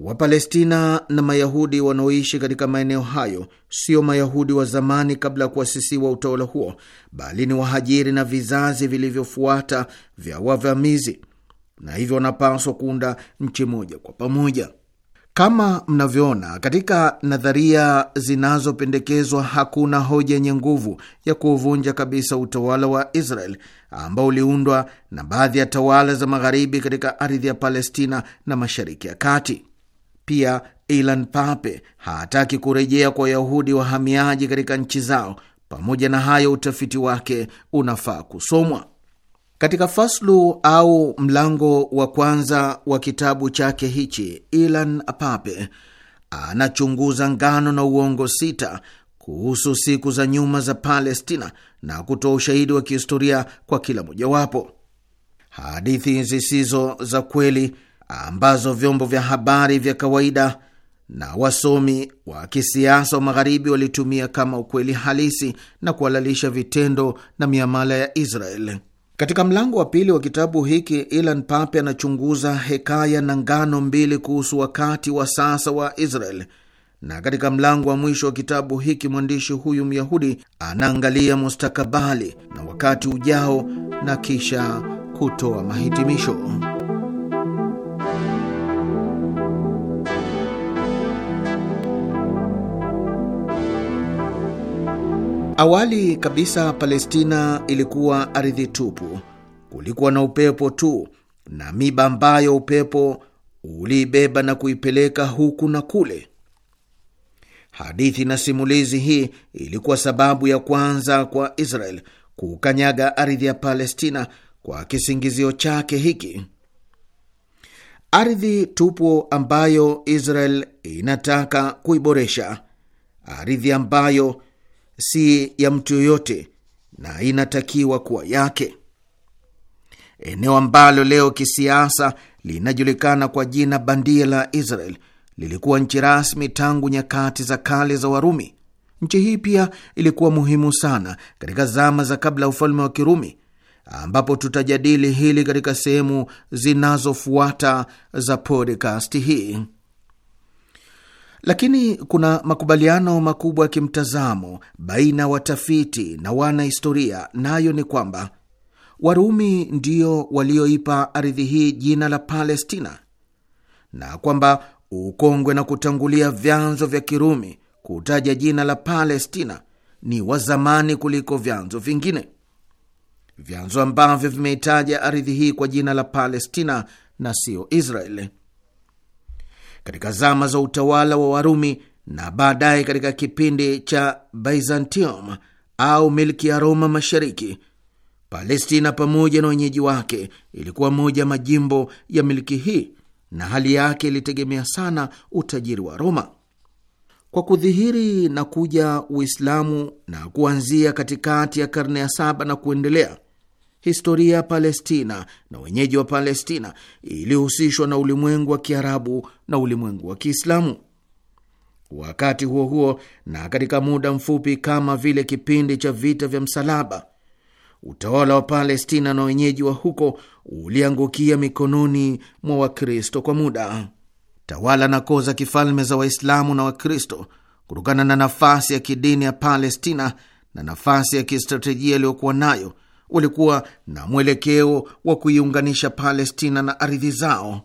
Wapalestina na Mayahudi wanaoishi katika maeneo hayo sio Mayahudi wa zamani kabla ya kuasisiwa utawala huo, bali ni wahajiri na vizazi vilivyofuata vya wavamizi, na hivyo wanapaswa kuunda nchi moja kwa pamoja. Kama mnavyoona katika nadharia zinazopendekezwa, hakuna hoja yenye nguvu ya kuuvunja kabisa utawala wa Israel ambao uliundwa na baadhi ya tawala za magharibi katika ardhi ya Palestina na mashariki ya kati. Pia Ilan Pape hataki kurejea kwa Wayahudi wahamiaji katika nchi zao. Pamoja na hayo, utafiti wake unafaa kusomwa. Katika faslu au mlango wa kwanza wa kitabu chake hichi, Ilan Pape anachunguza ngano na uongo sita kuhusu siku za nyuma za Palestina na kutoa ushahidi wa kihistoria kwa kila mojawapo. Hadithi zisizo za kweli ambazo vyombo vya habari vya kawaida na wasomi wa kisiasa wa magharibi walitumia kama ukweli halisi na kuhalalisha vitendo na miamala ya Israel. Katika mlango wa pili wa kitabu hiki, Ilan Pape anachunguza hekaya na ngano mbili kuhusu wakati wa sasa wa Israel, na katika mlango wa mwisho wa kitabu hiki mwandishi huyu Myahudi anaangalia mustakabali na wakati ujao na kisha kutoa mahitimisho. Awali kabisa Palestina ilikuwa ardhi tupu, kulikuwa na upepo tu na miba ambayo upepo uliibeba na kuipeleka huku na kule. Hadithi na simulizi hii ilikuwa sababu ya kwanza kwa Israel kukanyaga ardhi ya Palestina kwa kisingizio chake hiki. Ardhi tupu ambayo Israel inataka kuiboresha, ardhi ambayo si ya mtu yoyote na inatakiwa kuwa yake. Eneo ambalo leo kisiasa linajulikana kwa jina bandia la Israel lilikuwa nchi rasmi tangu nyakati za kale za Warumi. Nchi hii pia ilikuwa muhimu sana katika zama za kabla ya ufalme wa Kirumi, ambapo tutajadili hili katika sehemu zinazofuata za podcast hii. Lakini kuna makubaliano makubwa ya kimtazamo baina watafiti na wanahistoria, nayo ni kwamba Warumi ndio walioipa ardhi hii jina la Palestina na kwamba ukongwe na kutangulia vyanzo vya Kirumi kutaja jina la Palestina ni wa zamani kuliko vyanzo vingine. Vyanzo ambavyo vimeitaja ardhi hii kwa jina la Palestina na siyo Israeli katika zama za utawala wa Warumi na baadaye katika kipindi cha Byzantium au milki ya Roma Mashariki. Palestina pamoja na wenyeji wake ilikuwa moja majimbo ya milki hii na hali yake ilitegemea sana utajiri wa Roma. Kwa kudhihiri na kuja Uislamu na kuanzia katikati ya karne ya saba na kuendelea historia ya Palestina na wenyeji wa Palestina ilihusishwa na ulimwengu wa Kiarabu na ulimwengu wa Kiislamu. Wakati huo huo, na katika muda mfupi kama vile kipindi cha vita vya msalaba, utawala wa Palestina na wenyeji wa huko uliangukia mikononi mwa Wakristo kwa muda. Tawala na koo za kifalme za Waislamu na Wakristo, kutokana na nafasi ya kidini ya Palestina na nafasi ya kistratejia iliyokuwa nayo ulikuwa na mwelekeo wa kuiunganisha Palestina na ardhi zao.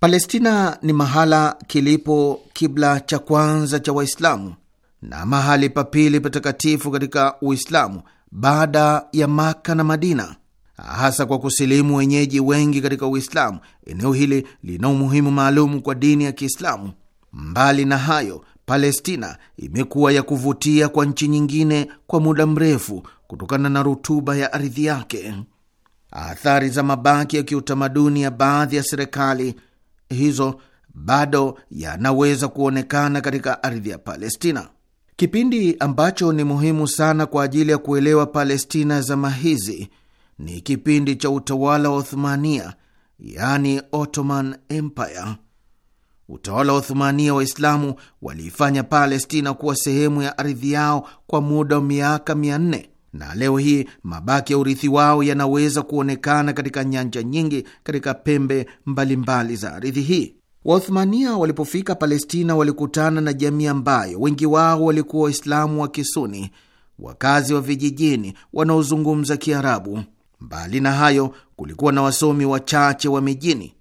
Palestina ni mahala kilipo kibla cha kwanza cha Waislamu na mahali pa pili patakatifu katika Uislamu baada ya Maka na Madina. Hasa kwa kusilimu wenyeji wengi katika Uislamu, eneo hili lina umuhimu maalum kwa dini ya Kiislamu. Mbali na hayo Palestina imekuwa ya kuvutia kwa nchi nyingine kwa muda mrefu kutokana na rutuba ya ardhi yake. Athari za mabaki ya kiutamaduni ya baadhi ya serikali hizo bado yanaweza kuonekana katika ardhi ya Palestina. Kipindi ambacho ni muhimu sana kwa ajili ya kuelewa Palestina zama hizi ni kipindi cha utawala wa Othmania, yaani Ottoman Empire. Utawala wa Uthumania Waislamu waliifanya Palestina kuwa sehemu ya ardhi yao kwa muda wa miaka mia nne na leo hii mabaki ya urithi wao yanaweza kuonekana katika nyanja nyingi katika pembe mbalimbali mbali za ardhi hii. Waothmania walipofika Palestina walikutana na jamii ambayo wengi wao walikuwa Waislamu wa Kisuni, wakazi wa vijijini wanaozungumza Kiarabu. Mbali na hayo, kulikuwa na wasomi wachache wa mijini.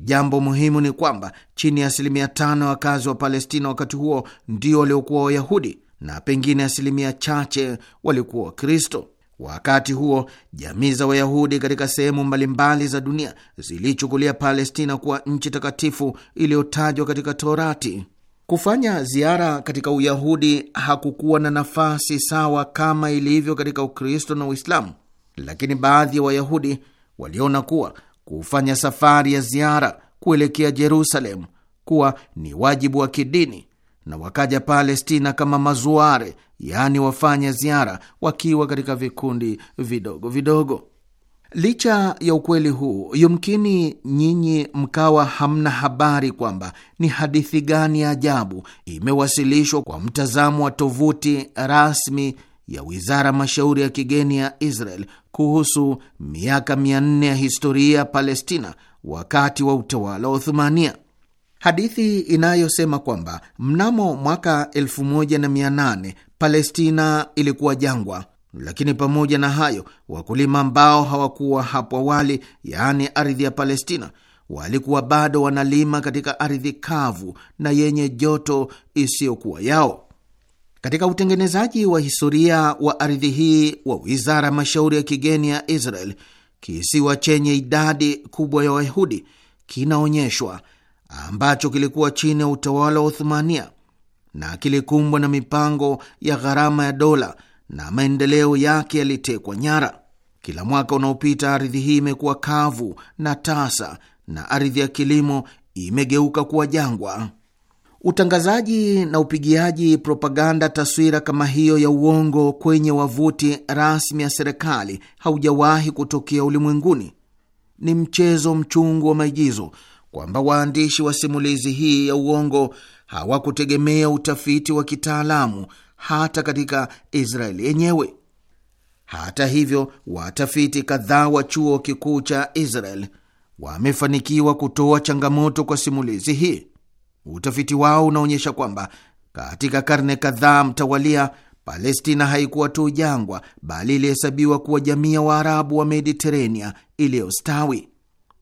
Jambo muhimu ni kwamba chini ya asilimia tano ya wakazi wa Palestina wakati huo ndio waliokuwa Wayahudi na pengine asilimia chache walikuwa Wakristo. Wakati huo jamii za Wayahudi katika sehemu mbalimbali za dunia zilichukulia Palestina kuwa nchi takatifu iliyotajwa katika Torati. Kufanya ziara katika Uyahudi hakukuwa na nafasi sawa kama ilivyo katika Ukristo na Uislamu, lakini baadhi ya Wayahudi waliona kuwa kufanya safari ya ziara kuelekea Jerusalemu kuwa ni wajibu wa kidini na wakaja Palestina kama mazuare, yaani wafanya ziara, wakiwa katika vikundi vidogo vidogo. Licha ya ukweli huu, yumkini nyinyi mkawa hamna habari kwamba ni hadithi gani ya ajabu imewasilishwa kwa mtazamo wa tovuti rasmi ya wizara mashauri ya kigeni ya Israel kuhusu miaka 400 ya historia ya Palestina wakati wa utawala wa Uthumania. Hadithi inayosema kwamba mnamo mwaka 1800 Palestina ilikuwa jangwa, lakini pamoja na hayo wakulima ambao hawakuwa hapo awali, yaani ardhi ya Palestina, walikuwa bado wanalima katika ardhi kavu na yenye joto isiyokuwa yao. Katika utengenezaji wa historia wa ardhi hii wa wizara ya mashauri ya kigeni ya Israel, kisiwa chenye idadi kubwa ya Wayahudi kinaonyeshwa ambacho kilikuwa chini ya utawala wa Uthumania na kilikumbwa na mipango ya gharama ya dola na maendeleo yake yalitekwa nyara. Kila mwaka unaopita ardhi hii imekuwa kavu na tasa na ardhi ya kilimo imegeuka kuwa jangwa. Utangazaji na upigiaji propaganda taswira kama hiyo ya uongo kwenye wavuti rasmi ya serikali haujawahi kutokea ulimwenguni. Ni mchezo mchungu wa maigizo kwamba waandishi wa simulizi hii ya uongo hawakutegemea utafiti wa kitaalamu hata katika Israeli yenyewe. Hata hivyo, watafiti kadhaa wa chuo kikuu cha Israel wamefanikiwa kutoa changamoto kwa simulizi hii. Utafiti wao unaonyesha kwamba katika karne kadhaa mtawalia, Palestina haikuwa tu jangwa, bali ilihesabiwa kuwa jamii ya Waarabu wa Mediterania iliyostawi,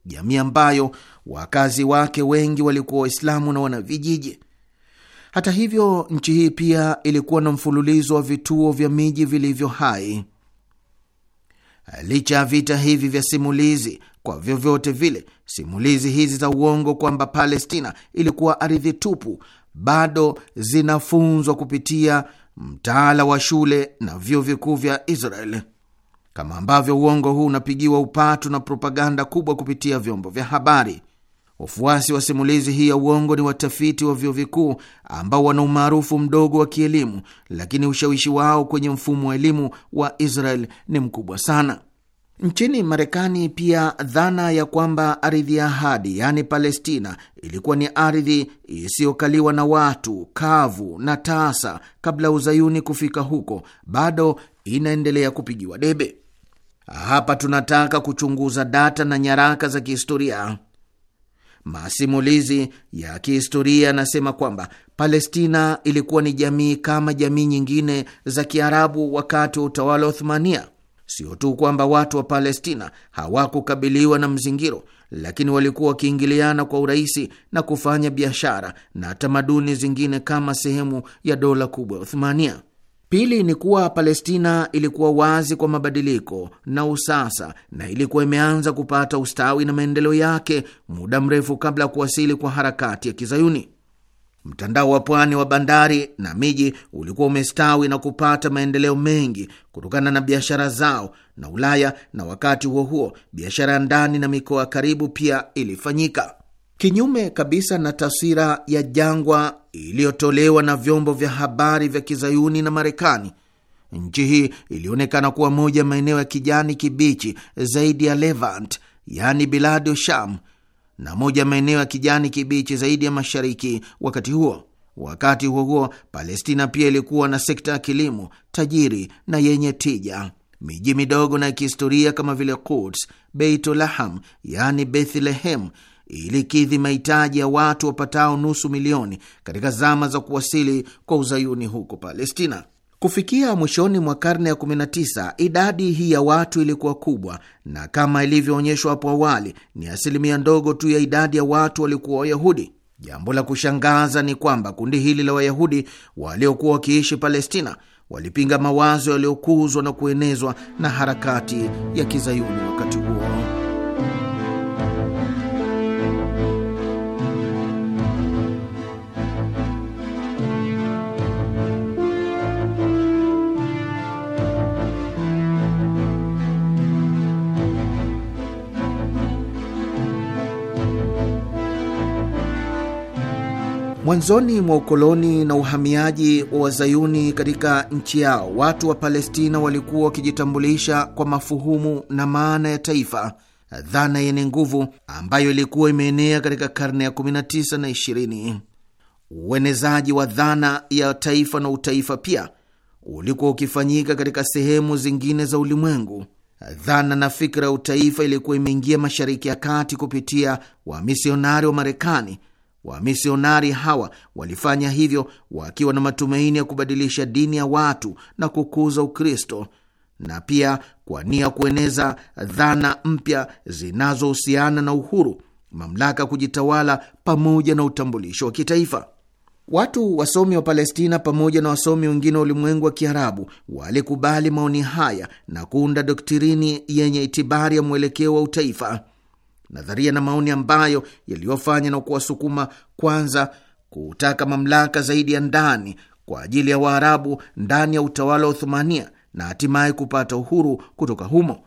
jamii ambayo wakazi wake wengi walikuwa Waislamu na wanavijiji. Hata hivyo, nchi hii pia ilikuwa na mfululizo wa vituo vya miji vilivyo hai. Licha ya vita hivi vya simulizi, kwa vyovyote vile, simulizi hizi za uongo kwamba Palestina ilikuwa ardhi tupu bado zinafunzwa kupitia mtaala wa shule na vyuo vikuu vya Israel, kama ambavyo uongo huu unapigiwa upatu na propaganda kubwa kupitia vyombo vya habari. Wafuasi wa simulizi hii ya uongo ni watafiti wa vyuo vikuu ambao wana umaarufu mdogo wa kielimu, lakini ushawishi wao kwenye mfumo wa elimu wa Israel ni mkubwa sana. Nchini Marekani pia dhana ya kwamba ardhi ya ahadi, yaani Palestina, ilikuwa ni ardhi isiyokaliwa na watu kavu na taasa kabla uzayuni kufika huko, bado inaendelea kupigiwa debe. Hapa tunataka kuchunguza data na nyaraka za kihistoria Masimulizi ya kihistoria anasema kwamba Palestina ilikuwa ni jamii kama jamii nyingine za Kiarabu wakati wa utawala wa Uthmania. Sio tu kwamba watu wa Palestina hawakukabiliwa na mzingiro, lakini walikuwa wakiingiliana kwa urahisi na kufanya biashara na tamaduni zingine kama sehemu ya dola kubwa ya Uthmania. Pili ni kuwa Palestina ilikuwa wazi kwa mabadiliko na usasa na ilikuwa imeanza kupata ustawi na maendeleo yake muda mrefu kabla ya kuwasili kwa harakati ya Kizayuni. Mtandao wa pwani wa bandari na miji ulikuwa umestawi na kupata maendeleo mengi kutokana na biashara zao na Ulaya, na wakati huo huo biashara ya ndani na mikoa karibu pia ilifanyika kinyume kabisa na taswira ya jangwa iliyotolewa na vyombo vya habari vya kizayuni na Marekani. Nchi hii ilionekana kuwa moja ya maeneo ya kijani kibichi zaidi ya Levant, yaani biladu Sham, na moja ya maeneo ya kijani kibichi zaidi ya mashariki wakati huo. Wakati huo huo, Palestina pia ilikuwa na sekta ya kilimo tajiri na yenye tija. Miji midogo na ya kihistoria kama vile Quds, Beitulaham yani Bethlehem ilikidhi mahitaji ya watu wapatao nusu milioni katika zama za kuwasili kwa uzayuni huko Palestina. Kufikia mwishoni mwa karne ya 19 idadi hii ya watu ilikuwa kubwa, na kama ilivyoonyeshwa hapo awali, ni asilimia ndogo tu ya idadi ya watu waliokuwa Wayahudi. Jambo la kushangaza ni kwamba kundi hili la Wayahudi waliokuwa wakiishi Palestina walipinga mawazo yaliyokuzwa na kuenezwa na harakati ya kizayuni wakati huo. Mwanzoni mwa ukoloni na uhamiaji wa wazayuni katika nchi yao, watu wa Palestina walikuwa wakijitambulisha kwa mafuhumu na maana ya taifa, dhana yenye nguvu ambayo ilikuwa imeenea katika karne ya 19 na 20. Uenezaji wa dhana ya taifa na utaifa pia ulikuwa ukifanyika katika sehemu zingine za ulimwengu. Dhana na fikra ya utaifa ilikuwa imeingia Mashariki ya Kati kupitia wamisionari wa Marekani Wamisionari hawa walifanya hivyo wakiwa na matumaini ya kubadilisha dini ya watu na kukuza Ukristo na pia kwa nia kueneza dhana mpya zinazohusiana na uhuru, mamlaka kujitawala, pamoja na utambulisho wa kitaifa. Watu wasomi wa Palestina pamoja na wasomi wengine wa ulimwengu wa Kiarabu walikubali maoni haya na kuunda doktirini yenye itibari ya mwelekeo wa utaifa nadharia na maoni ambayo yaliyofanya na kuwasukuma kwanza kutaka mamlaka zaidi ya ndani kwa ajili ya Waarabu ndani ya utawala wa Uthumania na hatimaye kupata uhuru kutoka humo.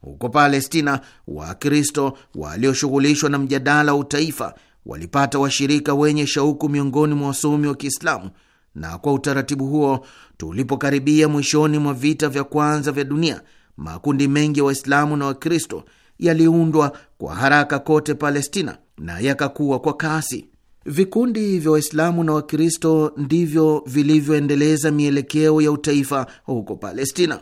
Huko Palestina, Wakristo walioshughulishwa na mjadala wa utaifa walipata washirika wenye shauku miongoni mwa wasomi wa Kiislamu, na kwa utaratibu huo, tulipokaribia mwishoni mwa vita vya kwanza vya dunia, makundi mengi ya wa Waislamu na Wakristo yaliundwa kwa haraka kote Palestina na yakakuwa kwa kasi. Vikundi vya Waislamu na Wakristo ndivyo vilivyoendeleza mielekeo ya utaifa huko Palestina.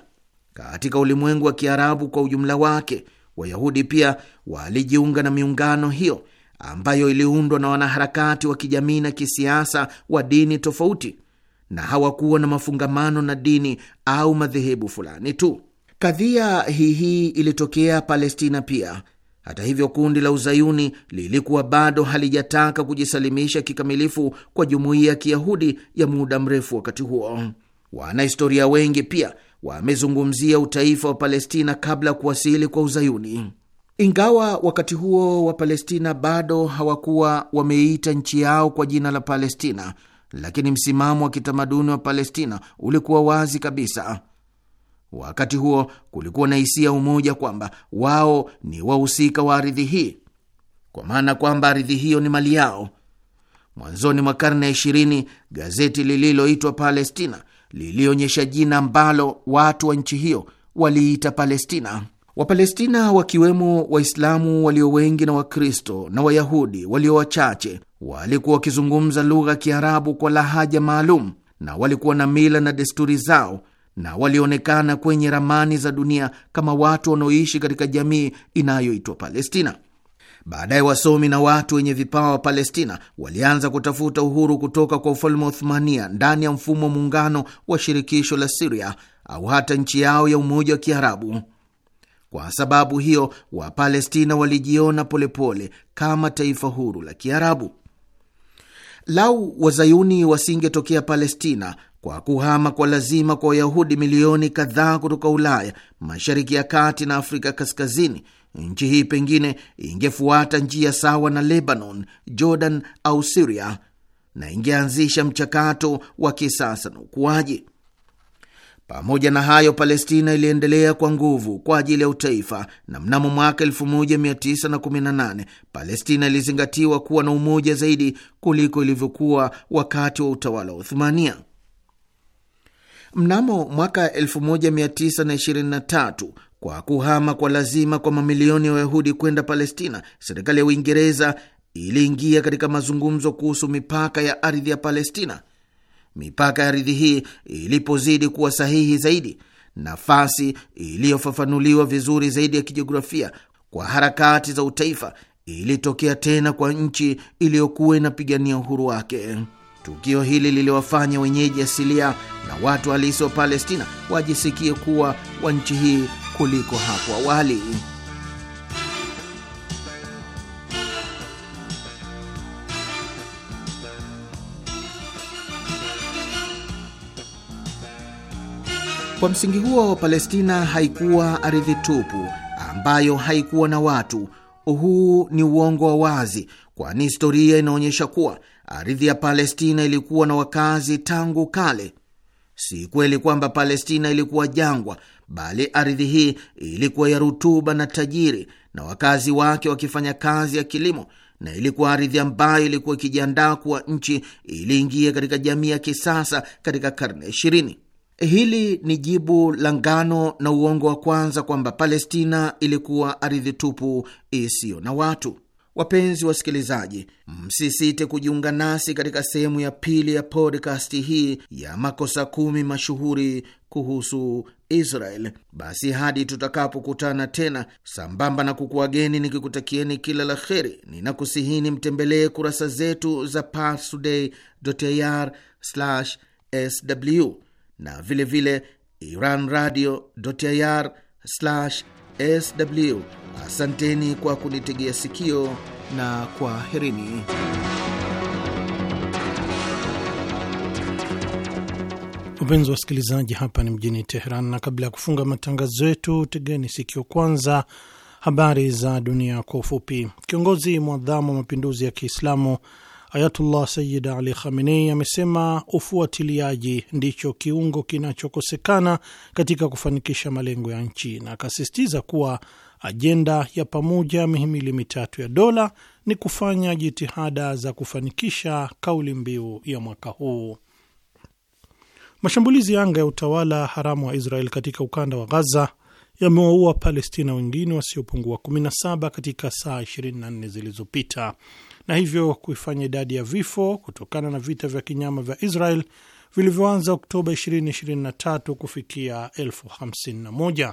Katika ulimwengu wa Kiarabu kwa ujumla wake, Wayahudi pia walijiunga na miungano hiyo ambayo iliundwa na wanaharakati wa kijamii na kisiasa wa dini tofauti, na hawakuwa na mafungamano na dini au madhehebu fulani tu. Kadhia hii hii ilitokea Palestina pia hata hivyo, kundi la uzayuni lilikuwa bado halijataka kujisalimisha kikamilifu kwa jumuiya ya kiyahudi ya muda mrefu. Wakati huo, wanahistoria wengi pia wamezungumzia utaifa wa Palestina kabla ya kuwasili kwa uzayuni. Ingawa wakati huo Wapalestina bado hawakuwa wameita nchi yao kwa jina la Palestina, lakini msimamo wa kitamaduni wa Palestina ulikuwa wazi kabisa. Wakati huo kulikuwa na hisia umoja kwamba wao ni wahusika wa ardhi hii, kwa maana kwamba ardhi hiyo ni mali yao. Mwanzoni mwa karne ya ishirini, gazeti lililoitwa Palestina lilionyesha jina ambalo watu wa nchi hiyo waliita Palestina. Wapalestina wakiwemo Waislamu walio wengi na Wakristo na Wayahudi walio wachache walikuwa wakizungumza lugha ya Kiarabu kwa lahaja maalum na walikuwa na mila na desturi zao na walionekana kwenye ramani za dunia kama watu wanaoishi katika jamii inayoitwa Palestina. Baadaye wasomi na watu wenye vipawa wa Palestina walianza kutafuta uhuru kutoka kwa ufalme wa Uthmania ndani ya mfumo wa muungano wa shirikisho la Siria au hata nchi yao ya umoja wa Kiarabu. Kwa sababu hiyo, Wapalestina walijiona polepole kama taifa huru la Kiarabu. Lau wazayuni wasingetokea Palestina, kwa kuhama kwa lazima kwa Wayahudi milioni kadhaa kutoka Ulaya, Mashariki ya Kati na Afrika Kaskazini, nchi hii pengine ingefuata njia sawa na Lebanon, Jordan au Siria na ingeanzisha mchakato wa kisasa na ukuaji. Pamoja na hayo, Palestina iliendelea kwa nguvu kwa ajili ya utaifa, na mnamo mwaka 1918 Palestina ilizingatiwa kuwa na umoja zaidi kuliko ilivyokuwa wakati wa utawala wa Uthumania. Mnamo mwaka 1923 kwa kuhama kwa lazima kwa mamilioni ya wa Wayahudi kwenda Palestina, serikali ya Uingereza iliingia katika mazungumzo kuhusu mipaka ya ardhi ya Palestina. Mipaka ya ardhi hii ilipozidi kuwa sahihi zaidi, nafasi iliyofafanuliwa vizuri zaidi ya kijiografia kwa harakati za utaifa ilitokea tena kwa nchi iliyokuwa inapigania uhuru wake. Tukio hili liliwafanya wenyeji asilia na watu halisi wa Palestina wajisikie kuwa wa nchi hii kuliko hapo awali. Kwa msingi huo, Palestina haikuwa ardhi tupu ambayo haikuwa na watu. Huu ni uongo wa wazi, kwani historia inaonyesha kuwa ardhi ya Palestina ilikuwa na wakazi tangu kale. Si kweli kwamba Palestina ilikuwa jangwa, bali ardhi hii ilikuwa ya rutuba na tajiri, na wakazi wake wakifanya kazi ya kilimo, na ilikuwa ardhi ambayo ilikuwa ikijiandaa kuwa nchi iliingia katika jamii ya kisasa katika karne ishirini. Hili ni jibu la ngano na uongo wa kwanza kwamba Palestina ilikuwa ardhi tupu isiyo na watu. Wapenzi wasikilizaji, msisite kujiunga nasi katika sehemu ya pili ya podcast hii ya makosa kumi mashuhuri kuhusu Israel. Basi hadi tutakapokutana tena, sambamba na kukuwageni nikikutakieni kila la kheri, ninakusihini mtembelee kurasa zetu za parstoday.ir/sw na vilevile iranradio.ir sw. Asanteni kwa kunitegea sikio na kwaherini. Wapenzi wa wasikilizaji, hapa ni mjini Teheran, na kabla ya kufunga matangazo yetu, tegeni sikio kwanza habari za dunia kwa ufupi. Kiongozi mwadhamu wa mapinduzi ya Kiislamu Ayatullah Sayyid Ali Khamenei amesema ufuatiliaji ndicho kiungo kinachokosekana katika kufanikisha malengo ya nchi, na akasisitiza kuwa ajenda ya pamoja ya mihimili mitatu ya dola ni kufanya jitihada za kufanikisha kauli mbiu ya mwaka huu. Mashambulizi ya anga ya utawala haramu wa Israel katika ukanda wa Gaza yamewaua Palestina wengine wasiopungua 17 katika saa 24 zilizopita na hivyo kuifanya idadi ya vifo kutokana na vita vya kinyama vya Israel vilivyoanza Oktoba 2023 kufikia 51.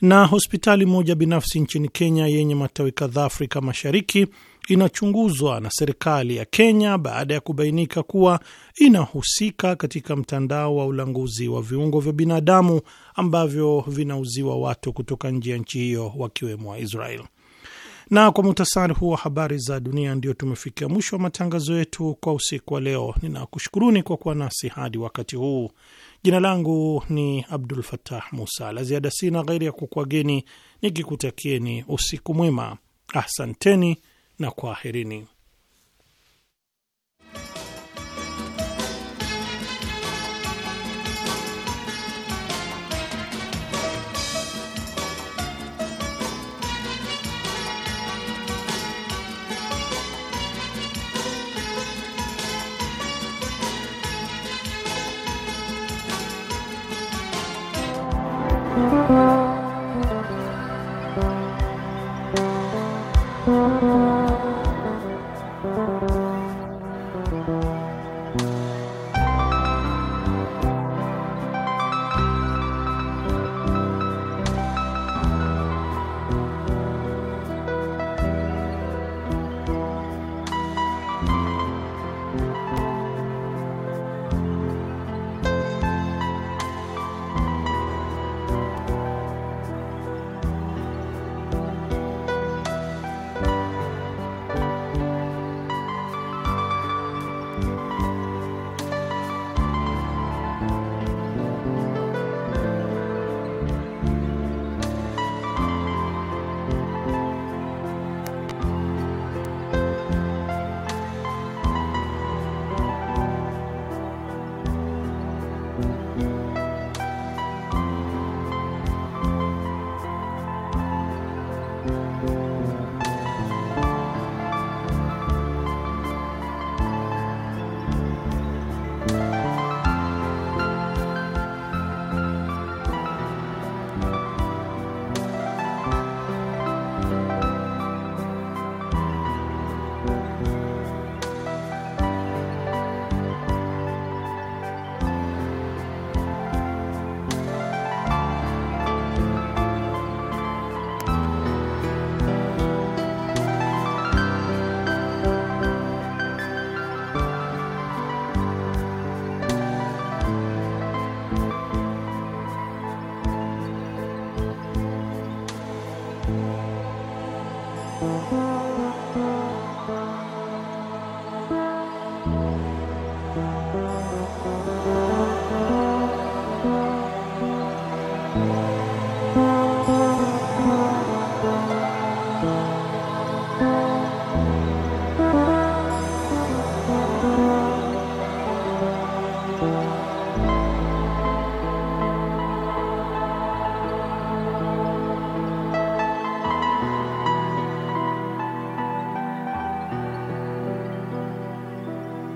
Na hospitali moja binafsi nchini Kenya yenye matawi kadhaa Afrika Mashariki inachunguzwa na serikali ya Kenya baada ya kubainika kuwa inahusika katika mtandao wa ulanguzi wa viungo vya binadamu ambavyo vinauziwa watu kutoka nje ya nchi hiyo wakiwemo Waisrael. Israel. Na kwa muhtasari huu wa habari za dunia, ndio tumefikia mwisho wa matangazo yetu kwa usiku wa leo. Ninakushukuruni kwa kuwa nasi hadi wakati huu. Jina langu ni Abdul fatah Musa. La ziada sina ghairi ya kukwageni nikikutakieni usiku mwema. asanteni na kwaherini.